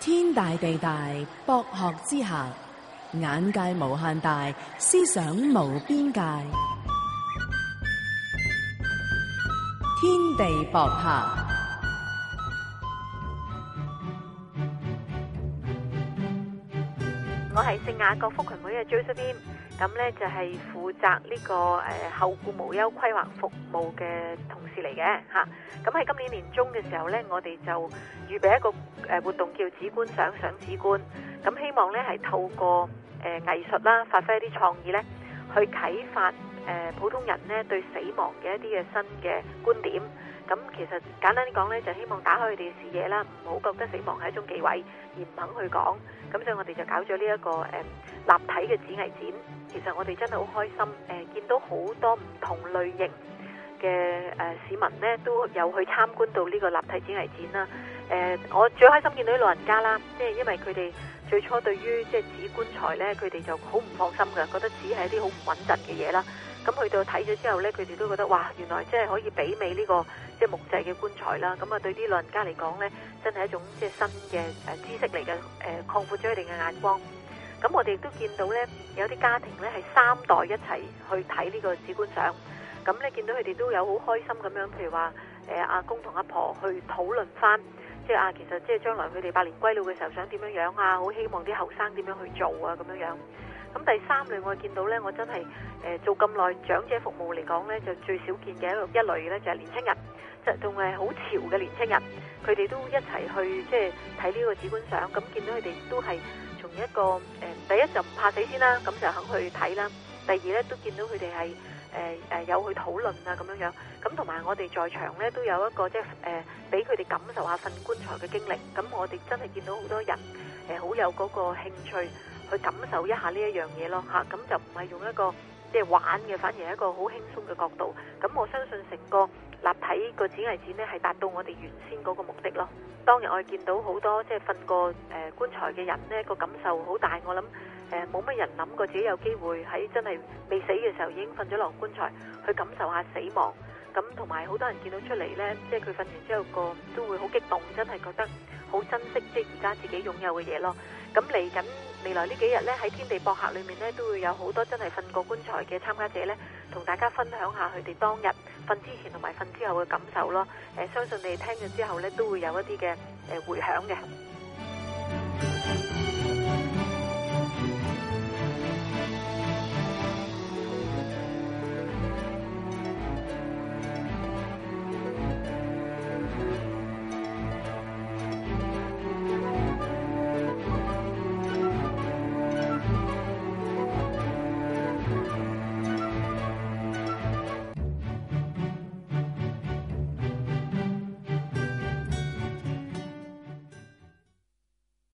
天大地大，博學之下，眼界無限大，思想無邊界。天地博客，我係聖雅各福群會嘅 Josephine。咁呢就係負責呢、這個誒、呃、後顧無憂規劃服務嘅同事嚟嘅吓，咁、啊、喺今年年中嘅時候呢，我哋就預備一個誒、呃、活動叫紙觀賞，賞紙棺，咁希望呢係透過誒藝術啦，發揮一啲創意呢，去啟發誒、呃、普通人呢對死亡嘅一啲嘅新嘅觀點。咁其實簡單啲講呢，就希望打開佢哋嘅視野啦，唔好覺得死亡係一種忌諱而唔肯去講。咁所以我哋就搞咗呢一個誒、嗯立體嘅紙藝展，其實我哋真係好開心，誒、呃，見到好多唔同類型嘅誒、呃、市民咧，都有去參觀到呢個立體紙藝展啦。誒、呃，我最開心見到啲老人家啦，即係因為佢哋最初對於即係紙棺材咧，佢哋就好唔放心噶，覺得紙係一啲好唔穩陣嘅嘢啦。咁去到睇咗之後咧，佢哋都覺得哇，原來即係可以媲美呢、這個即係木製嘅棺材啦。咁啊，對啲老人家嚟講咧，真係一種即係新嘅誒、呃、知識嚟嘅，誒、呃，擴闊咗佢哋嘅眼光。咁我哋都見到呢，有啲家庭呢係三代一齊去睇呢個紙觀賞。咁咧見到佢哋都有好開心咁樣，譬如話誒、呃、阿公同阿婆去討論返，即係啊，其實即係將來佢哋百年歸老嘅時候想點樣樣啊，好希望啲後生點樣去做啊咁樣樣。咁第三類我見到呢，我真係誒、呃、做咁耐長者服務嚟講呢，就最少見嘅一個一類咧，就係年輕人，即係仲係好潮嘅年輕人，佢哋都一齊去即係睇呢個紙觀賞。咁見到佢哋都係。從一個誒，第一就唔怕死先啦，咁就肯去睇啦。第二咧，都見到佢哋係誒誒有去討論啊，咁樣樣。咁同埋我哋在場咧，都有一個即係誒，俾佢哋感受下瞓棺材嘅經歷。咁我哋真係見到好多人誒，好、呃、有嗰個興趣去感受一下呢一樣嘢咯嚇。咁、啊、就唔係用一個。即係玩嘅，反而係一個好輕鬆嘅角度。咁我相信成個立體個展藝展呢係達到我哋原先嗰個目的咯。當日我哋見到好多即係瞓過誒棺材嘅人呢，這個感受好大。我諗誒冇乜人諗過自己有機會喺真係未死嘅時候已經瞓咗落棺材，去感受下死亡。咁同埋好多人見到出嚟呢，即係佢瞓完之後個都會好激動，真係覺得好珍惜即係而家自己擁有嘅嘢咯。咁嚟緊。未來呢幾日咧，喺天地博客裏面咧，都會有好多真係瞓過棺材嘅參加者咧，同大家分享下佢哋當日瞓之前同埋瞓之後嘅感受咯。誒，相信你哋聽咗之後咧，都會有一啲嘅誒迴響嘅。